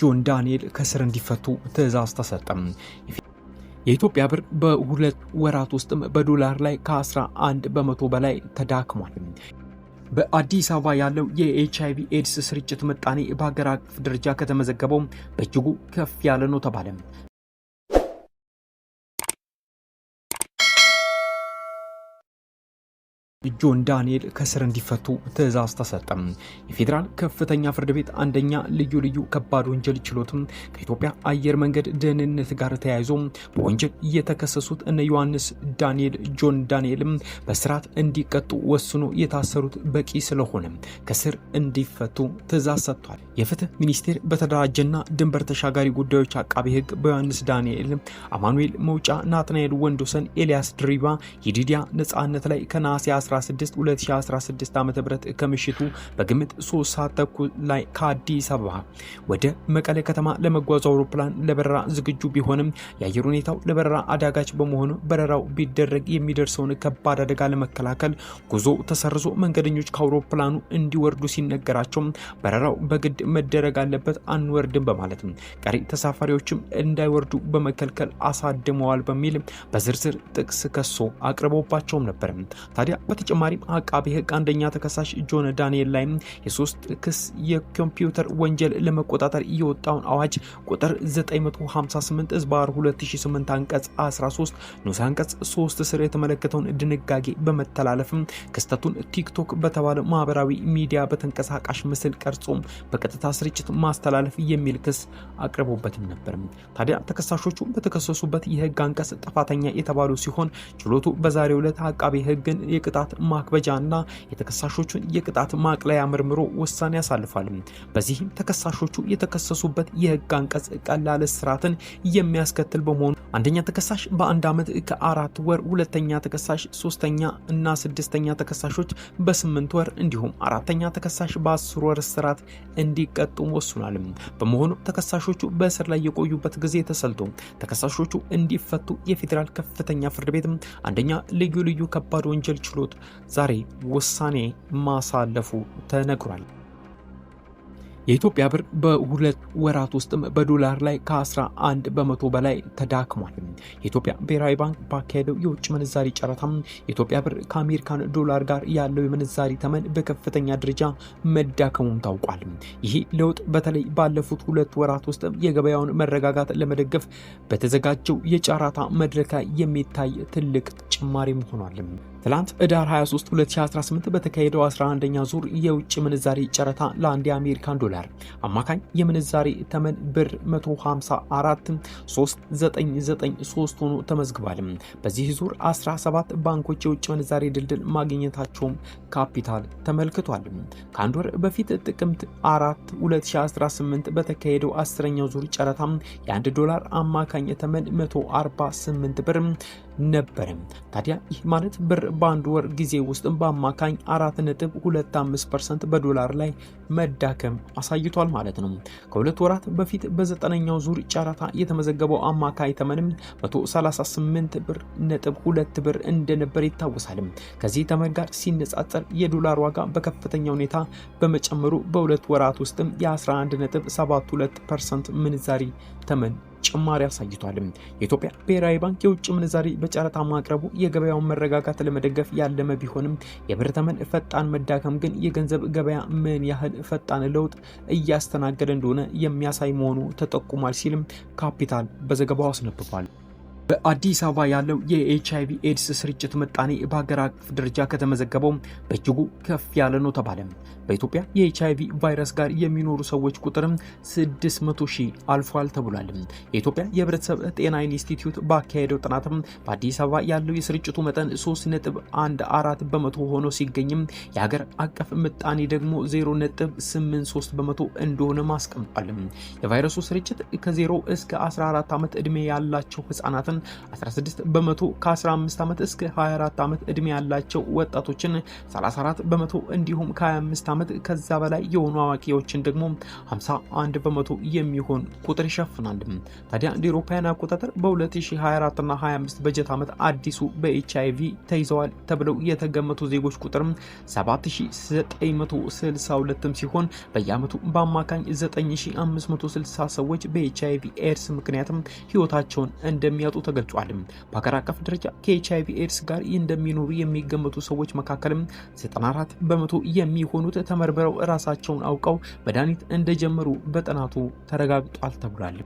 ጆን ዳንኤል ከስር እንዲፈቱ ትዕዛዝ ተሰጠም። የኢትዮጵያ ብር በሁለት ወራት ውስጥም በዶላር ላይ ከ11 በመቶ በላይ ተዳክሟል። በአዲስ አበባ ያለው የኤችአይቪ ኤድስ ስርጭት ምጣኔ በሀገር አቀፍ ደረጃ ከተመዘገበው በእጅጉ ከፍ ያለ ነው ተባለ። ጆን ዳንኤል ከስር እንዲፈቱ ትዕዛዝ ተሰጠም። የፌዴራል ከፍተኛ ፍርድ ቤት አንደኛ ልዩ ልዩ ከባድ ወንጀል ችሎትም ከኢትዮጵያ አየር መንገድ ደህንነት ጋር ተያይዞ በወንጀል የተከሰሱት እነ ዮሐንስ ዳንኤል ጆን ዳንኤልም በስርዓት እንዲቀጡ ወስኖ የታሰሩት በቂ ስለሆነ ከስር እንዲፈቱ ትእዛዝ ሰጥቷል። የፍትህ ሚኒስቴር በተደራጀና ድንበር ተሻጋሪ ጉዳዮች አቃቢ ህግ በዮሐንስ ዳንኤል፣ አማኑኤል መውጫ፣ ናትናኤል ወንዶሰን፣ ኤልያስ ድሪባ፣ የዲዲያ ነጻነት ላይ ከነሐሴ 16 2016 ዓ ም ከምሽቱ በግምት 3 ሰዓት ተኩል ላይ ከአዲስ አበባ ወደ መቀለ ከተማ ለመጓዙ አውሮፕላን ለበረራ ዝግጁ ቢሆንም የአየር ሁኔታው ለበረራ አዳጋች በመሆኑ በረራው ቢደረግ የሚደርሰውን ከባድ አደጋ ለመከላከል ጉዞ ተሰርዞ መንገደኞች ከአውሮፕላኑ እንዲወርዱ ሲነገራቸው በረራው በግድ መደረግ አለበት አንወርድም በማለት ቀሪ ተሳፋሪዎችም እንዳይወርዱ በመከልከል አሳድመዋል በሚል በዝርዝር ጥቅስ ከሶ አቅርቦባቸውም ነበር። ታዲያ በተጨማሪም አቃቤ ህግ አንደኛ ተከሳሽ ጆን ዳንኤል ላይ የሶስት ክስ የኮምፒውተር ወንጀል ለመቆጣጠር የወጣውን አዋጅ ቁጥር 958 ዝባር 2008 አንቀጽ 13 ንዑስ አንቀጽ 3 ስር የተመለከተውን ድንጋጌ በመተላለፍም ክስተቱን ቲክቶክ በተባለ ማህበራዊ ሚዲያ በተንቀሳቃሽ ምስል ቀርጾም በቀጥታ ስርጭት ማስተላለፍ የሚል ክስ አቅርቦበትም ነበር። ታዲያ ተከሳሾቹ በተከሰሱበት የህግ አንቀጽ ጥፋተኛ የተባሉ ሲሆን ችሎቱ በዛሬው ዕለት አቃቤ ህግን የቅጣት ማክበጃና የተከሳሾቹን የቅጣት ማቅለያ ምርምሮ ውሳኔ ያሳልፋል። በዚህም ተከሳሾቹ የተከሰሱበት የህግ አንቀጽ ቀላል እስራትን የሚያስከትል በመሆኑ አንደኛ ተከሳሽ በአንድ ዓመት ከአራት ወር፣ ሁለተኛ ተከሳሽ፣ ሶስተኛ እና ስድስተኛ ተከሳሾች በስምንት ወር እንዲሁም አራተኛ ተከሳሽ በአስር ወር እስራት እንዲቀጡ ወስኗል። በመሆኑ ተከሳሾቹ በእስር ላይ የቆዩበት ጊዜ ተሰልቶ ተከሳሾቹ እንዲፈቱ የፌዴራል ከፍተኛ ፍርድ ቤት አንደኛ ልዩ ልዩ ከባድ ወንጀል ችሎት ዛሬ ውሳኔ ማሳለፉ ተነግሯል። የኢትዮጵያ ብር በሁለት ወራት ውስጥም በዶላር ላይ ከ11 በመቶ በላይ ተዳክሟል። የኢትዮጵያ ብሔራዊ ባንክ ባካሄደው የውጭ ምንዛሪ ጨረታ የኢትዮጵያ ብር ከአሜሪካን ዶላር ጋር ያለው የምንዛሪ ተመን በከፍተኛ ደረጃ መዳከሙም ታውቋል። ይህ ለውጥ በተለይ ባለፉት ሁለት ወራት ውስጥም የገበያውን መረጋጋት ለመደገፍ በተዘጋጀው የጨረታ መድረክ ላይ የሚታይ ትልቅ ጭማሪም ሆኗል። ትላንት ህዳር 23 2018 በተካሄደው 11ኛ ዙር የውጭ ምንዛሬ ጨረታ ለአንድ የአሜሪካን ዶላር አማካኝ የምንዛሬ ተመን ብር 154 3993 ሆኖ ተመዝግቧል። በዚህ ዙር 17 ባንኮች የውጭ ምንዛሬ ድልድል ማግኘታቸውም ካፒታል ተመልክቷል። ከአንድ ወር በፊት ጥቅምት 4 2018 በተካሄደው 1 ኛው ዙር ጨረታ የአንድ ዶላር አማካኝ ተመን 148 ብር ነበር። ታዲያ ይህ ማለት ብር በአንድ ወር ጊዜ ውስጥ በአማካኝ 4.25 ፐርሰንት በዶላር ላይ መዳከም አሳይቷል ማለት ነው። ከሁለት ወራት በፊት በዘጠነኛው ዙር ጨረታ የተመዘገበው አማካይ ተመንም 138 ብር ነጥብ ሁለት ብር እንደነበር ይታወሳል። ከዚህ ተመን ጋር ሲነጻጸር የዶላር ዋጋ በከፍተኛ ሁኔታ በመጨመሩ በሁለት ወራት ውስጥም የ11.72 ፐርሰንት ምንዛሪ ተመን ጭማሪ አሳይቷል። የኢትዮጵያ ብሔራዊ ባንክ የውጭ ምንዛሬ በጨረታ ማቅረቡ የገበያውን መረጋጋት ለመደገፍ ያለመ ቢሆንም የብር ተመን ፈጣን መዳከም ግን የገንዘብ ገበያ ምን ያህል ፈጣን ለውጥ እያስተናገደ እንደሆነ የሚያሳይ መሆኑ ተጠቁሟል ሲልም ካፒታል በዘገባው አስነብቧል። በአዲስ አበባ ያለው የኤች አይቪ ኤድስ ስርጭት ምጣኔ በሀገር አቀፍ ደረጃ ከተመዘገበው በእጅጉ ከፍ ያለ ነው ተባለ። በኢትዮጵያ የኤች አይቪ ቫይረስ ጋር የሚኖሩ ሰዎች ቁጥርም 600 ሺህ አልፏል ተብሏል። የኢትዮጵያ የህብረተሰብ ጤና ኢንስቲትዩት ባካሄደው ጥናትም በአዲስ አበባ ያለው የስርጭቱ መጠን 3.14 በመቶ ሆኖ ሲገኝም የሀገር አቀፍ ምጣኔ ደግሞ 0.83 በመቶ እንደሆነ አስቀምጧል። የቫይረሱ ስርጭት ከ0 እስከ 14 ዓመት ዕድሜ ያላቸው ህጻናትን ማለትም 16 በመቶ ከ15 ዓመት እስከ 24 ዓመት ዕድሜ ያላቸው ወጣቶችን 34 በመቶ እንዲሁም ከ25 ዓመት ከዛ በላይ የሆኑ አዋቂዎችን ደግሞ 51 በመቶ የሚሆን ቁጥር ይሸፍናል። ታዲያ እንደ አውሮፓውያን አቆጣጠር በ2024 እና 25 በጀት ዓመት አዲሱ በኤች ቪ ተይዘዋል ተብለው የተገመቱ ዜጎች ቁጥር 7962 ሲሆን በየዓመቱ በአማካኝ 9560 ሰዎች በኤች አይቪ ኤድስ ምክንያትም ህይወታቸውን እንደሚያጡ ተገልጿል። በሀገር አቀፍ ደረጃ ከኤች አይቪ ኤድስ ጋር እንደሚኖሩ የሚገመቱ ሰዎች መካከልም 94 በመቶ የሚሆኑት ተመርምረው ራሳቸውን አውቀው መድኃኒት እንደጀመሩ በጥናቱ ተረጋግጧል ተብሏል።